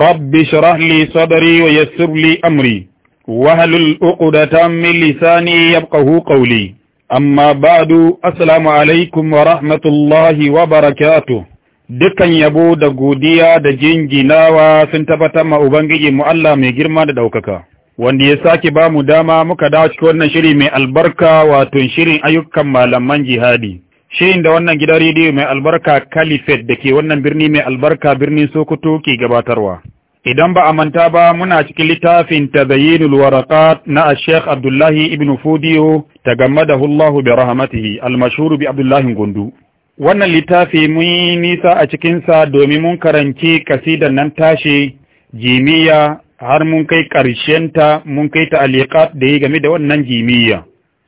رب اشرح لي صدري ويسر لي أمري وهل عقدة من لساني يبقه قولي أما بعد السلام alaikum wa rahmatullahi wa barakatuh dukan yabo da godiya da jinginawa sun tabbatar ma ubangiji mu Allah mai girma da daukaka wanda ya sake ba mu dama muka dawo cikin wannan shiri mai albarka wato shirin ayyukan malaman jihadi shirin da wannan gidan rediyo mai albarka kalifet da ke wannan birni mai albarka birnin sokoto ke gabatarwa idan ba a manta ba muna cikin littafin ta Zayinul waraqat na sheikh abdullahi ibn fudiyo gamada hullahu bi rahmatihi almashhur bi abdullahi gundu wannan littafi mun yi nisa a cikinsa domin mun karanci kasidan nan tashi jimiya har mun kai karshenta mun kai ta aliqat da ya game da wannan jimiya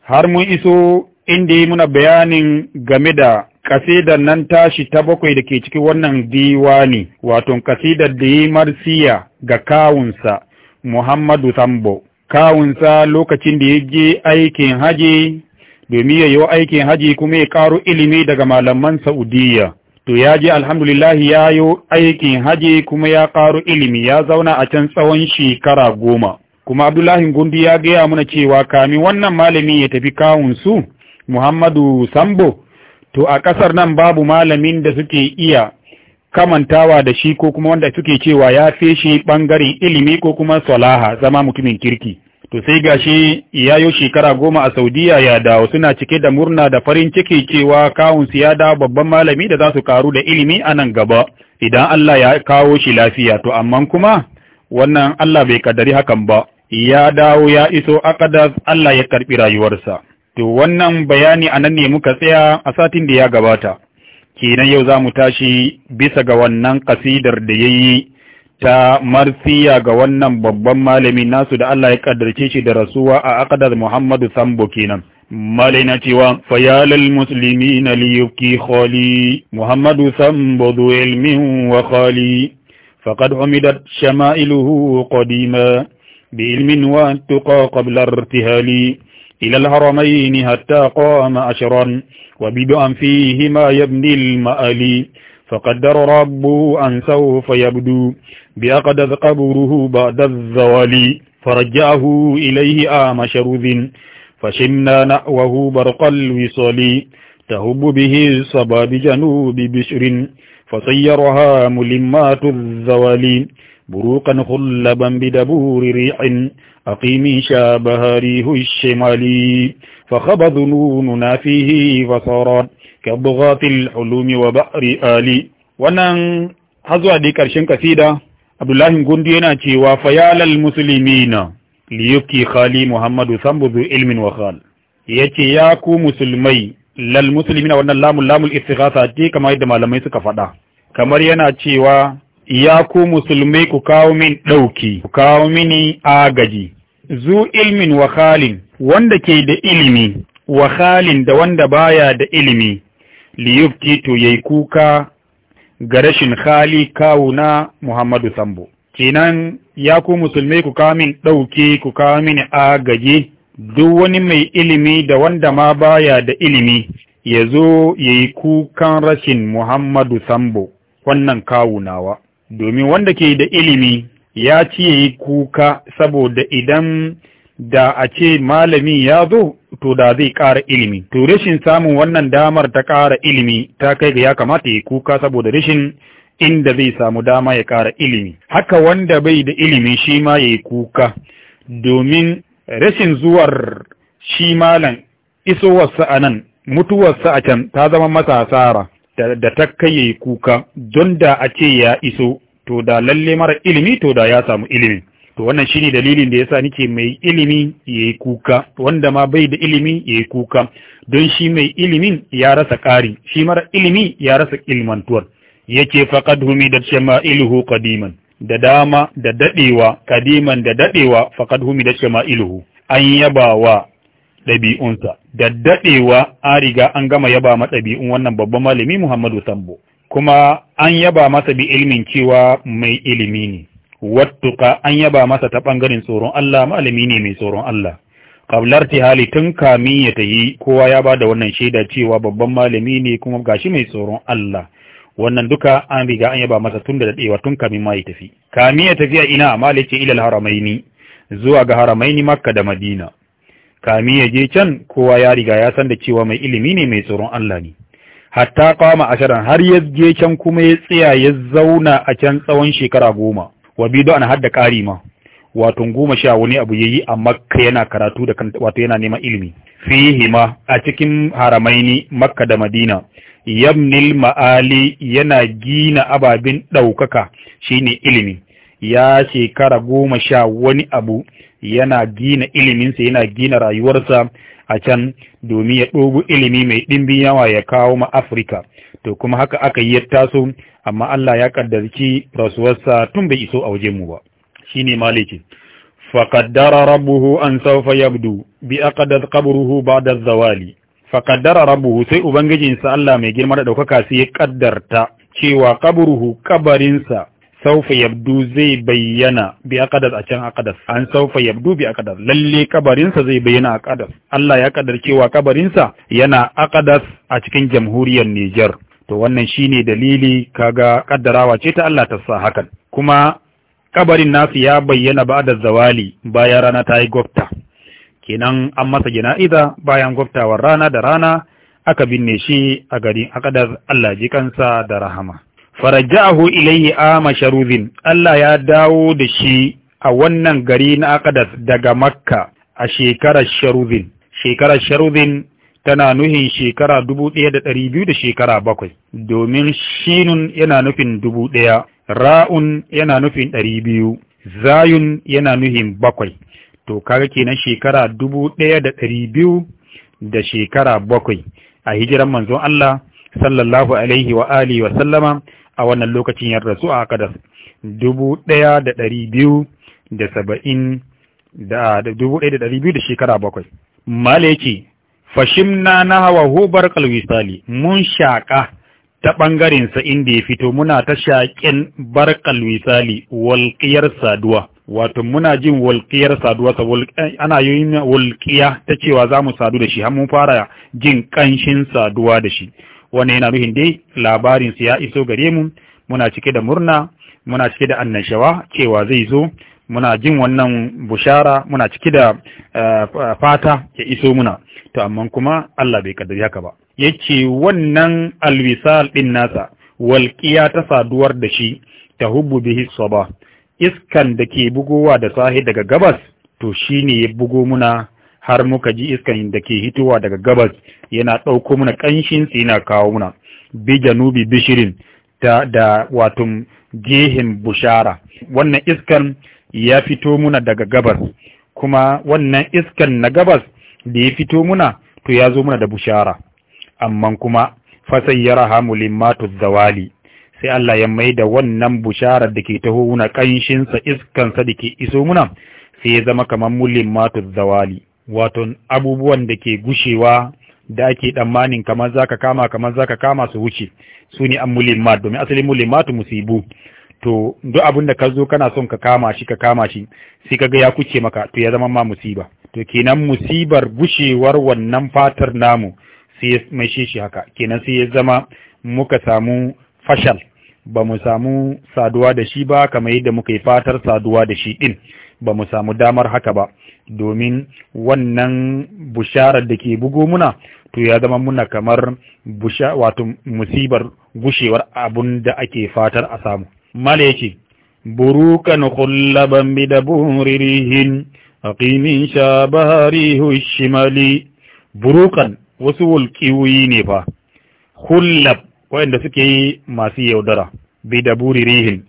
har mun iso inda yi muna bayanin game da kasidar nan tashi ta bakwai da ke cikin wannan diwani wato kasidar da yi marsiya ga kawunsa Muhammadu Sambo kawunsa lokacin da ya je aikin haji domin ya yi aikin haji kuma ya karo ilimi daga malaman Saudiya to ya je alhamdulillah ya yi aikin haji kuma ya karo ilimi ya zauna a can tsawon shekara goma kuma Abdullahi Gundu ya gaya mana cewa kamin wannan malami ya tafi kawunsu Muhammadu Sambo to a ƙasar nan babu malamin da suke iya kamantawa da shi ko kuma wanda suke cewa ya feshe ɓangaren ilimi ko kuma salaha zama mutumin kirki to sai gashi ya yi shekara goma a saudiya ya dawo suna cike da murna da farin ciki cewa kawunsu ya dawo babban malami da za su karu da ilimi a nan gaba idan Allah ya kawo shi lafiya to amma kuma wannan Allah bai kadari hakan ba ya dawo ya iso akada Allah ya karbi rayuwarsa To wannan bayani anan ne muka tsaya a satin da ya gabata, kenan yau za mu tashi bisa ga wannan kasidar da ya yi ta marsiya ga wannan babban malami nasu da Allah ya kaddarce shi da rasuwa a aqdar Muhammadu Sambo kenan. مالينا تيوا fayalal musulmi ليبكي خالي محمد muhammadu sambo zu ilmin wa khali faqad umidat shama'iluhu qadima bi ilmin إلى الهرمين حتى قام أشرا وبدعا فيهما يبني المآلي فقدر ربه أن سوف يبدو بأقدث قبره بعد الزوال فرجعه إليه آم شرذ فشمنا نأوه برق الوصال تهب به الصبا بجنوب بشر فصيرها ملمات الزوال بروقا خلبا بدبور ريح أقيمي شابها ريه الشمالي فخب ظنوننا فيه فصارا كبغاة الحلوم وبحر آلي ونن هزوى دي كرشن كسيدة عبد الله نقندينا تيوا فيال المسلمين ليبكي خالي محمد سنبذ علم وخال يتي ياكو مسلمي للمسلمين وانا اللام اللام الاستغاثة كما يدما لم يسك فدا كما رينا تيوا ya ku musulmai ku kawo min ɗauki ku kawo mini agaji zu ilmin wa wanda ke da ilimi Wahalin, da wanda baya da ilimi liyufti to yayi kuka ga rashin khali kawuna Muhammadu Sambo kenan ya ku musulmai ku kawo min ɗauke ku kawo mini agaji duk wani mai ilimi da wanda ma baya da ilimi ya zo ya kukan rashin Muhammadu Sambo wannan kawunawa. domin wanda ke da ilimi ya ci yayi kuka saboda idan da a ce malami ya zo to da zai ƙara ilimi to rashin samun wannan damar ta ƙara ilimi ta kai ga ya kamata ya kuka saboda rashin inda zai samu dama ya ƙara ilimi haka wanda bai da ilimi shi ma ya yi kuka domin rashin zuwar shi malam isowarsa a nan mutuwarsa a can ta zama masa asara da ta kai ya yi kuka don da a ce ya iso to da lalle mara ilimi to da ya samu ilimi to wannan shine dalilin da yasa nake mai ilimi yayi kuka wanda ma bai da ilimi yayi kuka don shi mai ilimin ya rasa ƙari shi mara ilimi ya rasa ilmantuwar yake faqad humidat shama'iluhu qadiman da dama da dadewa qadiman da dadewa faqad humidat shama'iluhu an yabawa ɗabi'unsa da dadewa an riga an gama yaba ma ɗabi'un wannan babban malami Muhammadu Sambo kuma an yaba masa bi ilmin cewa mai ilimi ne wattuka an yaba masa ta ɓangaren tsoron Allah malami ne mai tsoron Allah kablar hali tun kamin ya ta yi kowa ya ba da wannan shaida cewa babban malami ne kuma ga shi mai tsoron Allah wannan duka an riga an yaba masa tun da dadewa tun kamin ma ya tafi kami ya tafi a ina malice ilal haramaini zuwa ga haramaini makka da madina kami ya je can kowa ya riga ya san da cewa mai ilimi ne mai tsoron Allah ne hatta kama asharan har ya je can kuma ya tsaya ya zauna a can tsawon shekara goma wa bido an hadda ƙari ma wato goma sha wani abu yayi a makka yana karatu da wato yana neman ilimi fihi ma a cikin haramaini makka da madina yabnil ma'ali yana gina ababin ɗaukaka shine ilimi ya shekara goma sha wani abu yana gina iliminsa yana gina rayuwarsa a can domin ya ɗogu ilimi mai ɗimbin yawa ya kawo ma Afirka. To kuma haka aka yi ya taso, amma Allah ya ƙaddarci rasuwarsa tun bai iso a wajenmu ba. Shi ne maliki. Faƙaddara rabbuhu an saufa yabdu bi aqadat ba ba'da zawali. Faƙaddara rabbuhu sai Ubangijinsa Allah mai girma da ɗaukaka sai ya ƙaddarta cewa kaburuhu kabarinsa saufa yabdu zai bayyana bi aqdas a can akadas. an saufa yabdu bi aqdas lalle kabarinsa zai bayyana akadas. Allah ya kadar cewa kabarinsa yana aqdas a cikin jamhuriyar Niger to wannan shine dalili kaga kaddarawa ce ta Allah ta sa hakan kuma kabarin nasu ya bayyana da zawali bayan rana ta yi gwabta kenan an masa jana'iza bayan gwaftawar rana da rana aka binne shi a garin akadar Allah ji kansa da rahama faraja'ahu ilayhi ama Sharudin, Allah ya dawo da shi a wannan gari na Aqdas daga Makka a shekarar sharuzin shekarar sharuzin tana nuhin shekara dubu ɗaya da ɗari biyu da shekara bakwai domin shinun yana nufin dubu ɗaya ra'un yana nufin ɗari biyu zayun yana nuhin bakwai to kaga kenan shekara dubu ɗaya da ɗari biyu da shekara bakwai a hijiran manzon Allah sallallahu alaihi wa alihi wa sallama a wannan lokacin ya rasu a da dubu ɗaya da ɗari biyu da saba'in da dubu ɗaya da ɗari biyu da shekara bakwai mala ya ce fashimna na hawa hubar kalwisali mun shaƙa ta ɓangarensa inda ya fito muna ta shaƙen barkal kalwisali walƙiyar saduwa wato muna jin walƙiyar saduwa ana yin walƙiya ta cewa za mu sadu da shi har mun fara jin ƙanshin saduwa da shi wannan yana nuhin dai labarin ya iso gare mu muna cike da murna muna cike da annashawa cewa zai zo muna jin wannan bushara muna cike da eh, fata ya iso muna to amma kuma Allah bai kaddari haka ba yace wannan alwisal din nasa walqiya ta saduwar da shi ta hubbu bihi sabah iskan da ke bugowa da sahi daga gabas to shine ya bugo muna har muka ji iskan da ke hitowa daga gabas yana ɗauko muna ƙanshin yana kawo muna bi janubi bishirin ta da watum gehin bushara wannan iskan ya fito muna daga gabas kuma wannan iskan na gabas da ya fito muna to ya zo muna da bushara amma kuma fasayyara hamulin matu zawali sai Allah ya mai da wannan bushara da ke taho muna ƙanshinsa iskansa da ke iso muna sai ya zama kamar mulin matu zawali waton abubuwan da ke gushewa da ake tsammanin kamar zaka kama kamar zaka kama su wuce su ne an mulimmat domin asalin mulimmat musibu to duk abin da ka zo kana son ka kama shi ka kama shi sai ka ga ya kuce maka to ya zama ma musiba to kenan musibar gushewar wannan fatar namu sai ya mai shi haka kenan sai ya zama muka samu fashal ba mu samu saduwa da shi ba kamar yadda muka yi fatar saduwa da shi din ba mu samu damar haka ba domin wannan busharar da ke bugo muna to ya zama muna kamar busha wato musibar gushewar abun da ake fatar a samu mala yake burukan khullaban bidaburihin Sha, shabarihu shimali burukan wasu wulƙiwuyi ne fa hullab waɗanda suke yi masu yaudara bi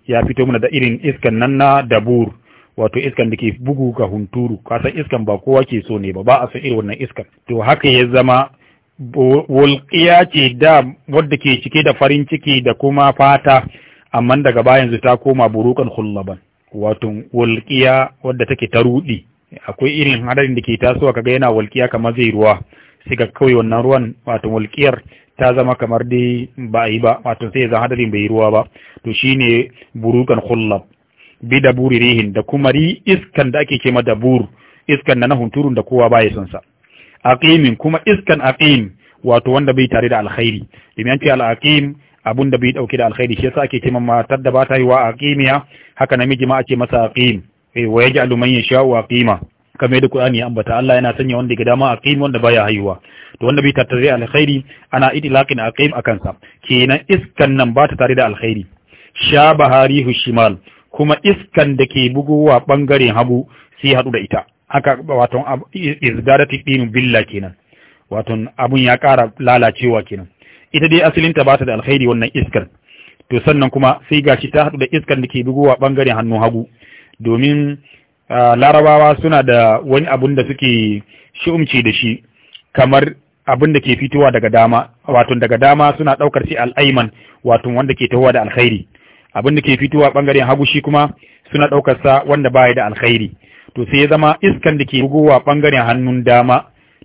ya fito mana da irin iskan nan na dabur wato iskan da ke bugu ga hunturu kasan iskan ba kowa ke so ne ba ba a san irin wannan iskan to haka ya zama walƙiya ce da wadda ke cike da farin ciki da kuma fata amma daga bayan ta koma burukan hullaban wato walƙiya wadda take ta rudi akwai irin hadarin da ke tasowa kaga yana walƙiya kamar zai ruwa sai ga kawai wannan ruwan wato walƙiyar ta zama kamar dai ba a yi ba wato sai ya zan hadarin bai ruwa ba to shine burukan hulab. bi daburi rihin da kuma ri iskan da ake kema dabur iskan na hunturun da kowa baya son sa aqimin kuma iskan aqim wato wanda bai tare da alkhairi domin an ce al-aqim abun da bai dauke da alkhairi shi yasa ake kema matar da ba ta yi wa aqimiya haka namiji ma ake masa aqim eh wa yaj'alu man yasha'u aqima kamar da Qur'ani ya ambata Allah yana sanya wanda ga dama aqim wanda baya haihuwa to wanda bai tattare alkhairi ana idlaqin aqim akan sa kenan iskan nan ba ta tare da alkhairi sha baharihu shimal kuma iskan da ke bugowa bangaren hagu sai haɗu da ita haka waton izdarati dinu billa kenan wato abun ya ƙara lalacewa kenan ita dai asalinta ba ta da alkhairi wannan iskar to sannan kuma sai gashi ta haɗu da iskan da ke bugowa bangaren hannu hagu domin larabawa suna da wani abun da suke shi'umce da shi kamar abin da ke fitowa daga dama wato daga dama suna ɗaukar shi al'aiman wato wanda ke tahowa da alkhairi abin da ke fitowa bangaren hagu shi kuma suna ɗaukar sa wanda baya da alkhairi to sai ya zama iskan da ke bugowa bangaren hannun dama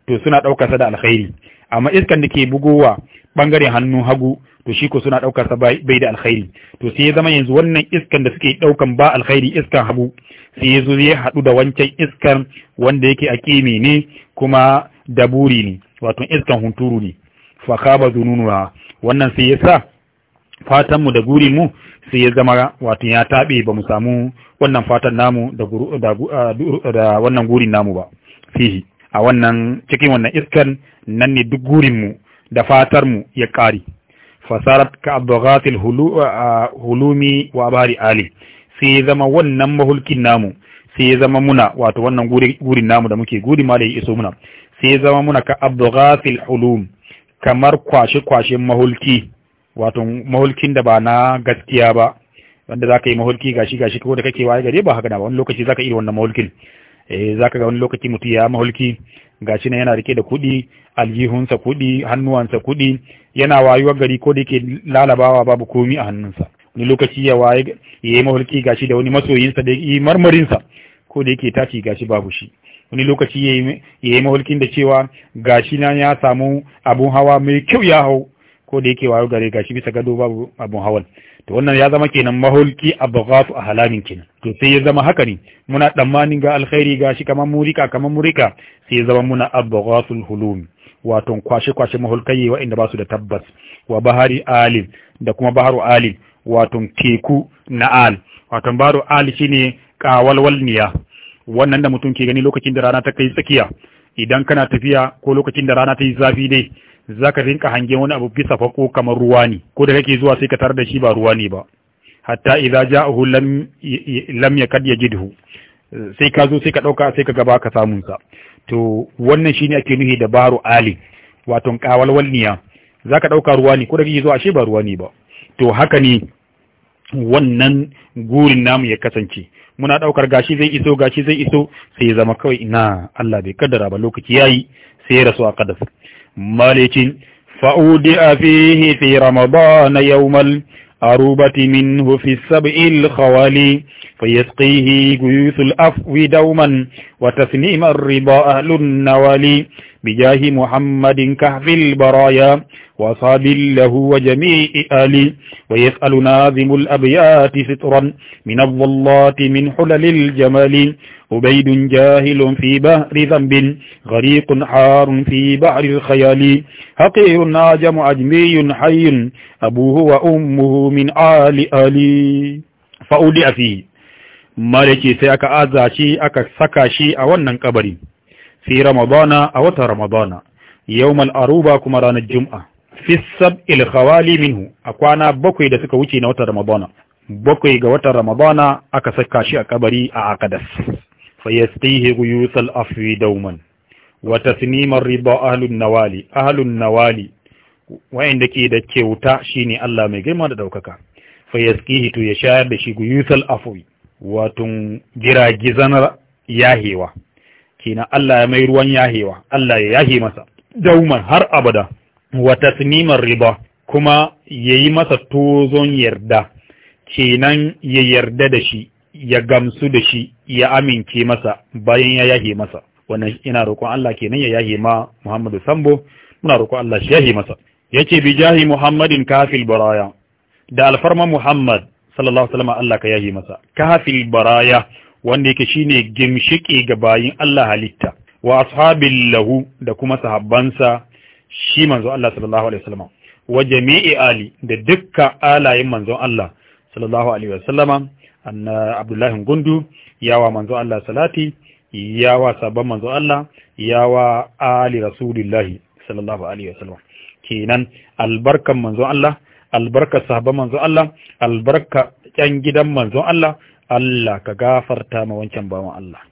to suna ɗaukar da alkhairi amma iskan da ke bugowa bangaren hannun hagu to shi ko suna ɗaukar bai da alkhairi to sai ya zama yanzu wannan iskan da suke ɗaukan ba alkhairi iskan hagu sai ya zo ya haɗu da wancan iskan wanda yake a ƙime ne kuma daburi ne wato iskan hunturu ne fa kaba zununuha wannan sai ya sa mu da gurinmu sai ya zama wato ya tabe ba mu samu wannan fatan namu da wannan gurin namu ba fihi a wannan cikin wannan iskan nan ne duk gurinmu da fatarmu ya ƙari fasarat ka hulu hulumi wa bari ali sai ya zama wannan mahulkin namu sai ya zama muna wato wannan gurin namu da muke gurin ma da ya iso muna sai ya zama muna ka abdoghatil hulum kamar kwashe-kwashen mahulki wato mahulkin da ba na gaskiya ba wanda zaka yi mahulki gashi gashi ko da kake waye gare ba haka ba. wani lokaci zaka iya wannan mahulkin eh zaka ga wani lokaci mutum ya mahulki gashi na yana rike da kuɗi aljihunsa kuɗi hannuwansa kuɗi yana wayuwar gari ko da yake lalabawa babu komi a hannunsa wani lokaci ya waye ya yi mahulki gashi da wani masoyinsa da yi marmarinsa ko da yake tashi gashi babu shi wani lokaci ya yi mahulkin da cewa gashi na ya samu abun hawa mai kyau ya hau ko da yake wayo gare gashi bisa gado babu abun hawan to wannan ya zama kenan mahulki abghatu a halamin kenan to sai ya zama haka ne muna tsammanin ga alkhairi gashi kamar murika kamar murika sai ya zama muna abghatul hulum wato kwashe kwashe mahulkai wa'inda ba su da tabbas wa bahari alil da kuma baharu alil wato teku na al wato baharu al shine kawalwalniya wannan da mutum ke gani lokacin da rana ta kai tsakiya idan kana tafiya ko lokacin da rana ta yi zafi dai zaka rinka hange wani abu bisa fako kamar ruwa ne ko da kake zuwa sai ka tar da shi ba ruwa ne ba hatta idza ja'ahu lam lam yakad yajidhu sai ka zo sai ka dauka sai ka gaba ka samun sa to wannan shine ake nuhi da baro ali wato za zaka dauka ruwa ne ko da kake zuwa shi ba ruwa ne ba to haka ne wannan gurin namu ya kasance muna daukar gashi zai iso gashi zai iso sai ya zama kawai ina Allah bai kaddara ba lokaci yayi sai ya rasu a kadasa ملك فأودع فيه في رمضان يوم الأروبة منه في السبع الخوالي فيسقيه جيوث الأفو دوما وتسنيم الرضا أهل النوالي بجاه محمد كهف البرايا وصاب له وجميع آلي ويسأل ناظم الأبيات سترا من الظلات من حلل الجمال أبيد جاهل في بحر ذنب غريق عار في بحر الخيال حقير ناجم عجمي حي أبوه وأمه من آل آلي فأولئ فيه مالكي سيأك شي أكا سكا شي أولنا كبري في رمضان أو رمضان يوم الأروبا كمران الجمعة في السبع الخوالي منه أكوانا بكوي دسك وشي نوتر رمضان بكوي غوتر رمضان أكا سكاشي أكبري أعقدس فيسقيه غيوث الأفو دوما وتسنيم الربا أهل النوالي أهل النوالي وعند كيدا كيوتا شيني الله مجرم دوككا فيسقيه تو يشاهد بشي غيوث الأفو واتن جرا جزان ياهيوا كينا الله ميروان ياهيوا الله ياهي مسا دوما هر أبدا وتسنيم الربا kuma ya yi masa tozon yarda kenan ya yarda da shi ya gamsu da shi ya amince masa bayan ya yahe masa wannan ina roƙon Allah kenan ya yahe ma Muhammadu Sambo muna roƙon Allah shi yahe masa yace bi jahi Muhammadin kafil baraya da alfarma Muhammad sallallahu alaihi wasallam Allah ka yahe masa kafil baraya wanda yake shine gimshiki ga bayin Allah halitta wa ashabil lahu da kuma sahabbansa shi manzo Allah sallallahu alaihi wasallam wa jami'i ali da dukkan alayin manzon Allah sallallahu alaihi wasallama anna abdullahi gundu yawa manzo Allah salati yawa sabon manzo Allah yawa ali rasulillahi sallallahu alaihi wasallam kenan albarkan manzo Allah albarka sahabban manzo Allah albarka ƴan gidan manzo Allah Allah ka gafarta ma wancan bawan Allah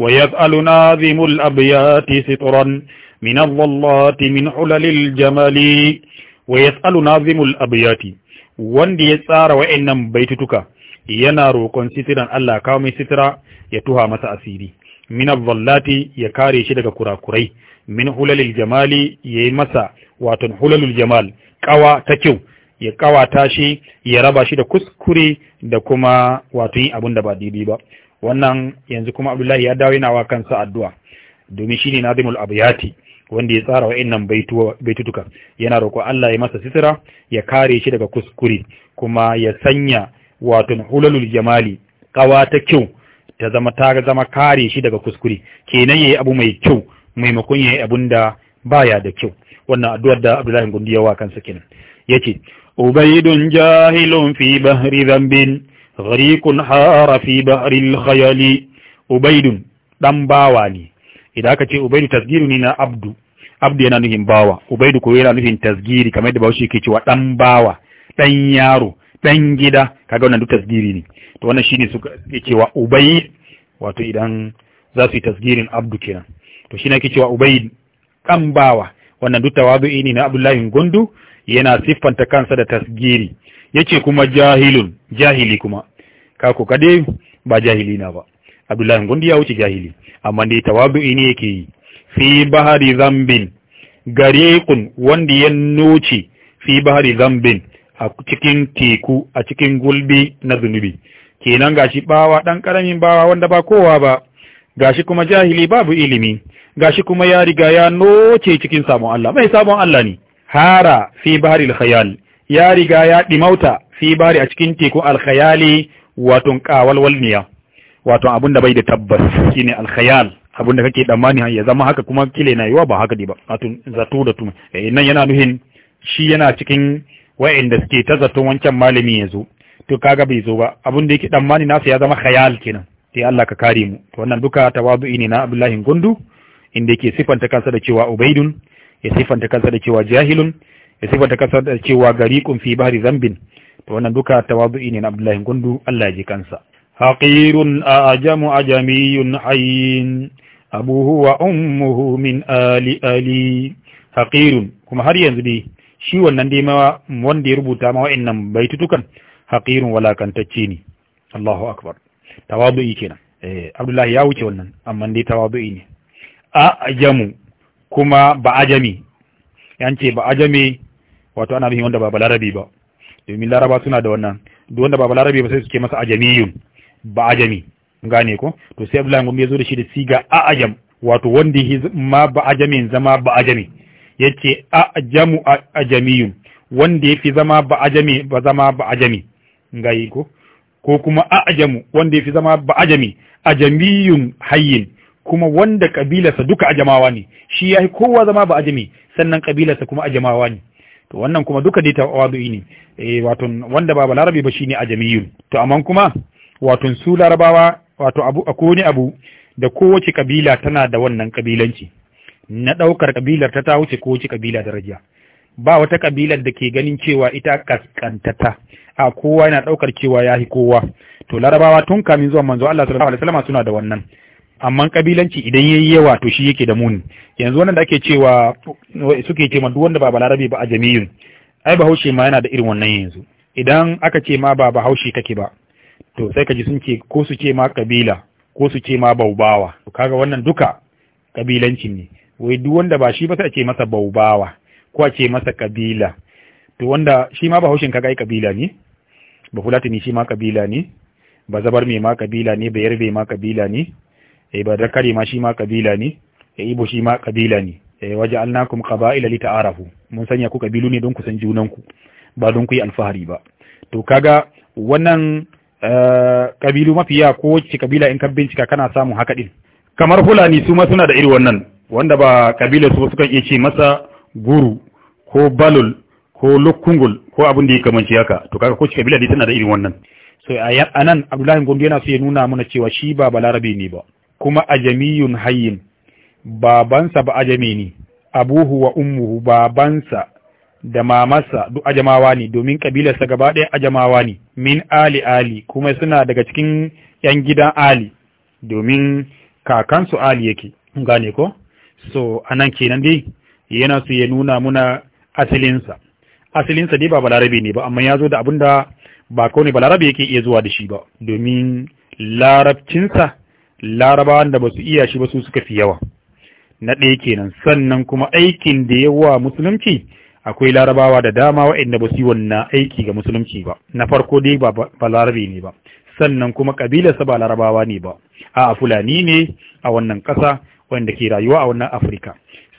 wa yaz'alu nazimul abyati sitran min adh-dhallati min hulalil jamali wa yaz'alu nazimul abyati wanda ya tsara wa'annan baitutuka yana roƙon sitiran Allah kawo mai sitira ya tuha masa asiri min vallati ya kare shi daga kurakurai min hulalil jamali yayi masa wato hulalul jamal kawa ta kyau ya kawata shi ya raba shi da kuskure da kuma wato yin abin da ba daidai ba wannan yanzu kuma Abdullahi ya dawo yana wa kansa addu'a domin shine nadimul abiyati wanda ya tsara wa baitu baitutuka yana roƙo Allah ya masa sitira ya kare shi daga kuskure kuma ya sanya wato hulalul jamali kawa ta kyau ta zama ta zama kare shi daga kuskure kenan yayi abu mai kyau maimakon yayi abun da baya da kyau wannan addu'ar da Abdullahi Gundi ya wa kansa kenan yace ubaydun jahilun fi bahri dhanbin gharikun hara fi bahri al-khayali ubaydun dan bawa ne idan aka ce ubaidu tasgiru ne na abdu abdu yana nufin bawa ubaidu ko yana nufin tasgiri kamar yadda shi ke cewa dan bawa dan yaro dan gida kaga wannan duk tasgiri ne to wannan shine suka yake wa ubay wato idan za su yi tasgirin abdu kenan to shine yake cewa ubay kan bawa wannan duk tawadu'i ne na abdullahi gundu yana siffanta kansa da tasgiri yace kuma jahilun jahili kuma Ka ko kade ba jahili na ba abdullahi gundu ya wuce jahili amma dai tawadu'i ne yake yi fi bahari zambin gariqun wanda ya noce fi bahari zambin a cikin teku a cikin gulbi na zunubi kenan gashi bawa dan karamin bawa wanda ba kowa ba gashi kuma jahili babu ilimi gashi kuma ya riga ya noce cikin sabon Allah mai sabon Allah ne hara fi bahri al ya riga ya dimauta fi bahri a cikin teku al-khayali wato niya wato abinda bai da tabbas shine al-khayal abinda kake damani ya zama haka kuma kile na yiwa ba haka ba wato zato da tuma eh, nan yana nuhin shi yana cikin wa'inda suke ta zaton wancan malami ya zo to kaga bai zo ba abin da yake dan mani nasu ya zama khayal kenan sai Allah ka kare mu to wannan duka tawadu'i ne na Abdullahi Gundu inda yake sifanta kansa da cewa Ubaidun ya sifanta kansa da cewa Jahilun ya sifanta kansa da cewa Gariqun fi bahri zambin to wannan duka tawadu'i ne na Abdullahi Gundu Allah ya ji kansa haqirun ajamu ajamiyun hayyin abuhu wa ummuhu min ali ali haqirun kuma har yanzu dai shi wannan dai ma wanda ya rubuta ma wa'annan baitutukan haqirun walakantacce ne Allahu akbar tawadu'i kenan eh Abdullahi ya wuce wannan amma dai tawadu'i ne a ajamu kuma ba ajami yance ba ajami wato ana bihin wanda ba balarabi ba domin laraba suna da wannan duk wanda ba balarabi ba sai suke masa ajamiyun ba ajami gane ko to sai Abdullahi ya zo da shi da siga a ajam wato wanda ma ba ajamin zama ba ajami jamu a jamiyun wanda ya fi zama ba a jami ba zama ba a jami ngayi ko ko kuma ajamu wanda ya fi zama ba a jami a jamiyun hayyin kuma wanda kabilarsa duka a jamawa ne shi yi kowa zama ba a jami sannan kabilarsa kuma a jamawa ne to wannan kuma duka dai tawadu'i ne eh wato wanda ba balarabi ba shine jamiyun to amma kuma wato su larabawa wato abu akwai wani abu da kowace kabila tana da wannan kabilanci na ɗaukar ƙabilar ta ta wuce ko wuce ƙabila daraja ba wata ƙabilar da ke ganin cewa ita kaskantata a kowa yana ɗaukar cewa ya hi kowa to larabawa tun kamin zuwa manzo Allah sallallahu alaihi wasallam suna da wannan amma kabilanci idan yayi yawa to shi yake da muni yanzu wannan da ake cewa suke ce duk wanda ba balarabe ba a jami'in, ai bahaushe ma yana da irin wannan yanzu idan aka ce ma ba bahaushe kake ba to sai ka ji sun ce ko su ce ma kabila ko su ce ma baubawa to kaga wannan duka kabilanci ne wai duk wanda ba shi ba sai a ce masa baubawa ko a ce masa kabila to wanda shi ma bahaushen kaga ai kabila ne ba fulatani shi ma kabila ne ba zabar mai ma kabila ne ba yarbe ma kabila ne eh ba dakare ma shi ma kabila ne eh ibo shi ma kabila ne eh waje annakum qaba'ila li ta'arafu mun sanya ku kabilu ne don ku san junanku ba don ku yi alfahari ba to kaga wannan eh, kabilu mafiya ko wacce kabila in ka bincika kana samu haka din kamar fulani su ma suna da iri wannan wanda ba kabila su sukan iya ce masa guru ko balul ko lokungul ko abin da ya kamanci haka to kaga ko kabila dai tana da irin wannan so a nan abdullahi gondo yana so ya nuna mana cewa shi ba balarabe ne ba kuma ajamiyun hayyin babansa ba ajami ne abuhu wa ummuhu babansa da mamarsa duk ajamawa ne domin kabilarsa gaba ɗaya ajamawa ne min ali ali kuma suna daga cikin yan gidan ali domin kakansu ali yake gane ko so a nan kenan dai yana su ya nuna muna asalinsa asalinsa dai ba balarabe ne ba amma ya zo da abin da ba kawai balarabe yake iya zuwa da shi ba domin larabcinsa larabawan da ba su iya shi ba su suka fi yawa na ɗaya kenan sannan kuma aikin da yawa musulunci akwai larabawa da dama waɗanda ba su yi wannan aiki ga musulunci ba na farko dai ba balarabe ne ba sannan kuma kabilarsa ba larabawa ne ba a fulani ne a wannan ƙasa wanda ke rayuwa a wannan Afirka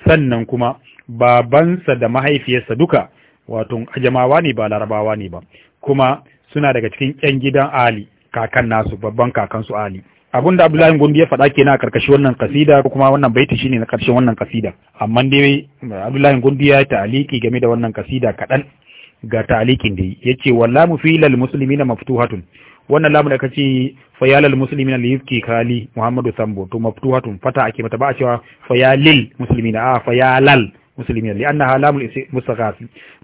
sannan kuma babansa da mahaifiyarsa duka wato ajamawa ne ba larabawa ne ba kuma suna daga cikin yan gidan Ali kakan nasu babban kakansu Ali abin da Abdullahi gombe ya faɗa kenan a karkashin wannan kasida ko kuma wannan baiti shine na karshen wannan kasida amma dai Abdullahi gombe ya ta'aliki game da wannan kasida kaɗan ga ta'alikin da yace wallahi mufilal muslimina maftuhatun wannan lamu da kace fayalal muslimina li yuki kali muhammadu sambo to maftuhatun fata ake mata ba a cewa fayalil muslimina a fayalal muslimina li annaha lamul mustaghaf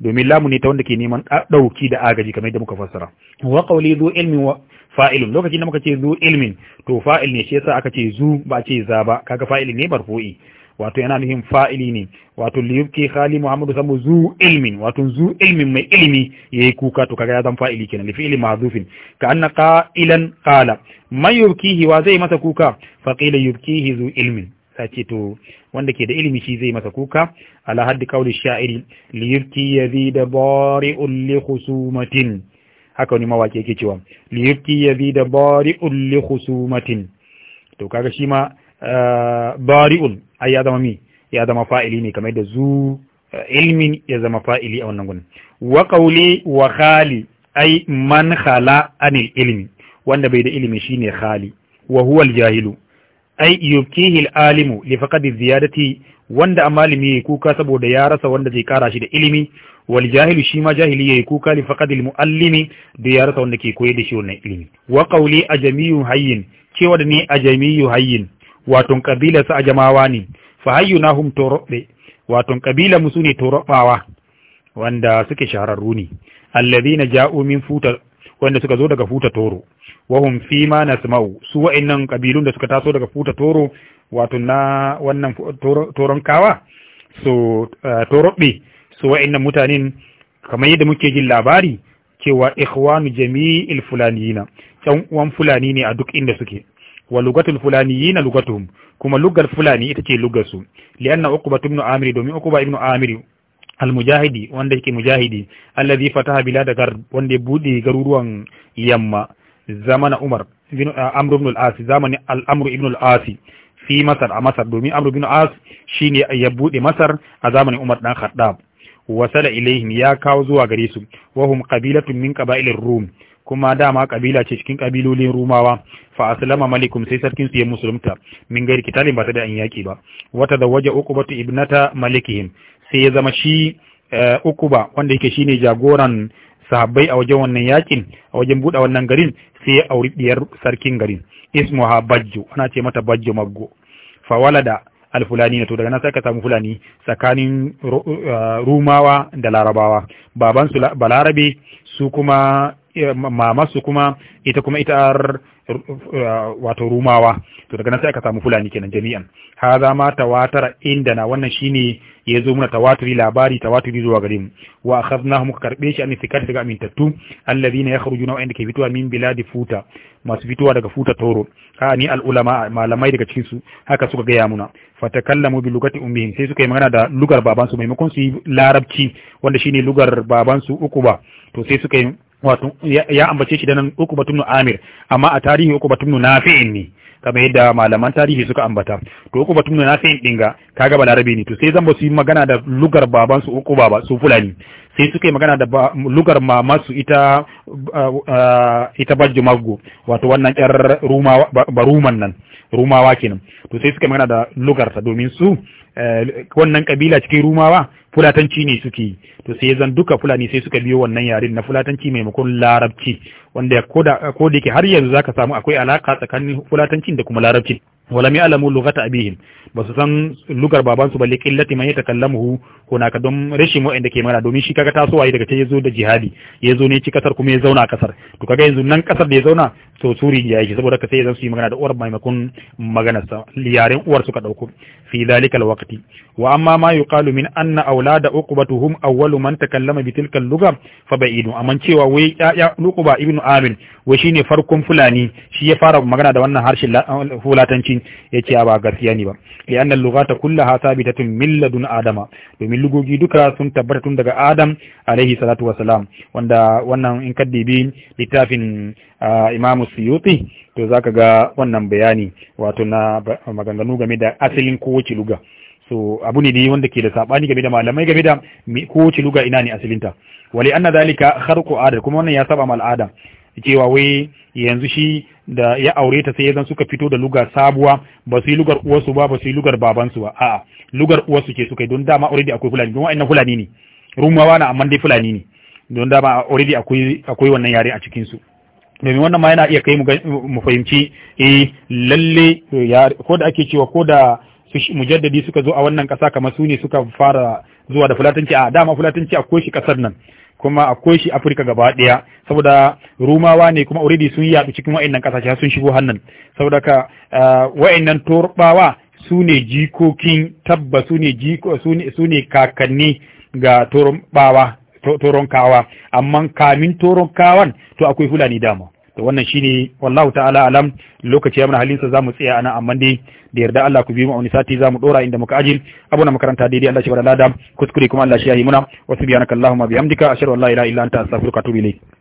domin lamu ne ta wanda ke neman dauki da agaji kamar yadda muka fassara wa qawli zu ilmi wa fa'ilun lokacin da muka ce zu ilmin to fa'il ne shi yasa aka ce zu ba a ce za ba kaga fa'il ne barfoi wato yana nufin fa'ili ne wato liyubki khali muhammadu samu zu ilmin wato zu ilmin mai ilimi yayi kuka to kaga ya zan fa'ili kenan li fi'li ma'zufin ka anna qailan qala man yubkihi wa zai masa kuka fa qila yubkihi zu ilmin sace to wanda ke da ilimi shi zai masa kuka ala haddi kauli sha'iri li yubki yazid bari'un li khusumatin haka wani mawaki yake cewa li yubki yazid bari'un li khusumatin to kaga shi ma bari'un ai ya zama mi ya zama fa'ili ne kamar da zu ilmin ya zama fa'ili a wannan gudun wa qawli wa khali ai man khala anil ilmi wanda bai da ilimi shine khali wa huwa jahilu ai yi alimu li faqadi ziyadati wanda a yayi kuka saboda ya rasa wanda zai kara shi da ilimi wal jahilu shi ma jahili yayi kuka li faqadi al-muallimi da ya rasa wanda ke koyar da shi wannan ilimi wa qawli ajamiyyu hayyin cewa da a jami'u hayyin waton kabila su ajamawa ne fa hayyunahum turabbe waton kabila mu sune wanda suke shararru ne alladhina ja'u min futa wanda suka zo daga futa toro wahum fi ma nasma'u su wa'annan kabilun da suka taso daga futa toro wato na wannan toron kawa so eh, turabbe su wa'annan mutanen kamar yadda muke jin labari cewa ikhwanu jami'il fulanina ɗan uwan fulani ne a duk inda suke wa lugatul fulaniyina lugatuhum kuma lugar fulani ita ce lugarsu lianna uqba ibn amir domin uqba ibn amir al-mujahidi wanda yake mujahidi allazi fataha bilad gar wanda ya bude garuruwan yamma zamana umar bin amr ibn al-as zamani al-amr ibn al-as fi masar a masar domin amr ibn al-as shine ya bude masar a zamanin umar dan khattab da ilaihim ya kawo zuwa gare su wa hum qabilatun min qabailir rum kuma dama kabila ce cikin kabilolin rumawa fa aslama malikum sai sarkin su ya musulunta min gairi kitalin ba ta da an yaki ba wata da waje ukubatu ibnata malikihim sai ya zama shi eh, ukuba wanda yake shine jagoran sahabbai a wajen wannan yakin a wajen buɗe wannan garin sai ya auri ɗiyar sarkin garin ismuha bajjo ana ce mata bajjo maggo fa walada alfulani to daga nan sai ka samu fulani tsakanin eh, rumawa da larabawa baban su balarabe su kuma Mamasu kuma ita kuma ita wato rumawa to daga nan sai aka samu fulani kenan jami'an haza ma tawatara na wannan shine ya zo muna tawaturi labari tawaturi zuwa gare mu wa akhadnahu muka karbe shi an sikati daga tattu alladhina yakhrujuna wa ke fitowa min biladi futa masu fitowa daga futa toro ha ni al ulama malamai daga cikin su haka suka gaya muna fatakallamu bi lugati ummihim sai suka yi magana da lugar babansu maimakon su yi larabci wanda shine lugar babansu uku ba to sai suka yi wato ya ambace shi da nan uku batun amir amma a tarihi uku batun nafi'in ne kamar yadda malaman tarihi suka ambata to uku batun na sai dinga kaga balarabe ne to sai zan ba su yi magana da lugar baban su uku baba su fulani sai suka yi magana da lugar mama su ita uh, uh, ita bajjo mago wato wannan yar rumawa baruman nan rumawa kenan to sai suka yi magana da lugar ta domin su uh, wannan kabila cikin rumawa fulatanci ne suke to sai zan duka fulani sai suka biyo wannan yaren na fulatanci maimakon larabci wanda ko da yake har yanzu zaka samu akwai alaka tsakanin fulatancin da kuma larabcin ولم يعلموا لغة أبيهم بس سن لغة بابان سبالي قلة من يتكلمه هناك دم رشي مو عندك مانا دومي شي كاكا تاسو واي دكتا يزو دا جهادي يزو نيشي كسر كم يزونا كسر تو كاكا يزو نن كسر دي يزونا سو سوري جايشي سبو دكتا يزو سي مغانا دا اور ما يمكن مغانا سا ليارين اور سكا دوكو في ذلك الوقت وأما ما يقال من أن أولاد أقبتهم أول من تكلم بتلك اللغة فبعيد أمن شيوا وي يا نقبة ابن آمن وشيني فرقم فلاني شي يفارق مغانا دا وانا هارش فلاتنشي kafin yace ba gaskiya ne ba ya al lugata kullaha thabitatun min ladun adama domin lugogi duka sun tabbata tun daga adam alaihi salatu wasalam wanda wannan in littafin ah, imamu suyuti to zaka ga wannan bayani wato na maganganu game da asalin kowace luga so abu ne wanda ke da sabani game da malamai game da kowace luga ina ne asilinta wali anna zalika kharqu ada kuma wannan ya saba mal adam cewa wai yanzu shi da ya aure ta sai ya zan suka fito da lugar sabuwa ba su yi lugar uwarsu ba ba su yi lugar babansu ba a'a lugar uwarsu ke suka yi don dama already akwai fulani don wa'annan fulani ne rumawa na amma dai fulani ne don dama already akwai akwai wannan yare a cikin su domin wannan ma yana iya kai mu fahimci eh lalle eh, ko da ake cewa ko da mujaddadi suka zo a wannan kasa kamar su ne suka fara zuwa da fulatanci a dama fulatanci akwai shi kasar nan kuma akwai shi Afirka gaba daya saboda rumawa ne kuma already sun yadu cikin wa'annan kasashe sun shigo hannan saboda ka eh, wa'annan turbawa su ne jikokin tabba su ne jiko su ne kakanni ga turbawa toronkawa amma kamin kawan to akwai fulani dama to wannan shine wallahu ta'ala alam lokaci ya mana halinsa zamu tsaya ana amma dai da yarda Allah ku bi mu a wani sati zamu dora inda muka ajil abu na makaranta daidai Allah shi bada lada kuskure kuma Allah shi yayi muna wa subhanakallahumma bihamdika ashhadu an la ilaha illa anta astaghfiruka wa atubu ilayk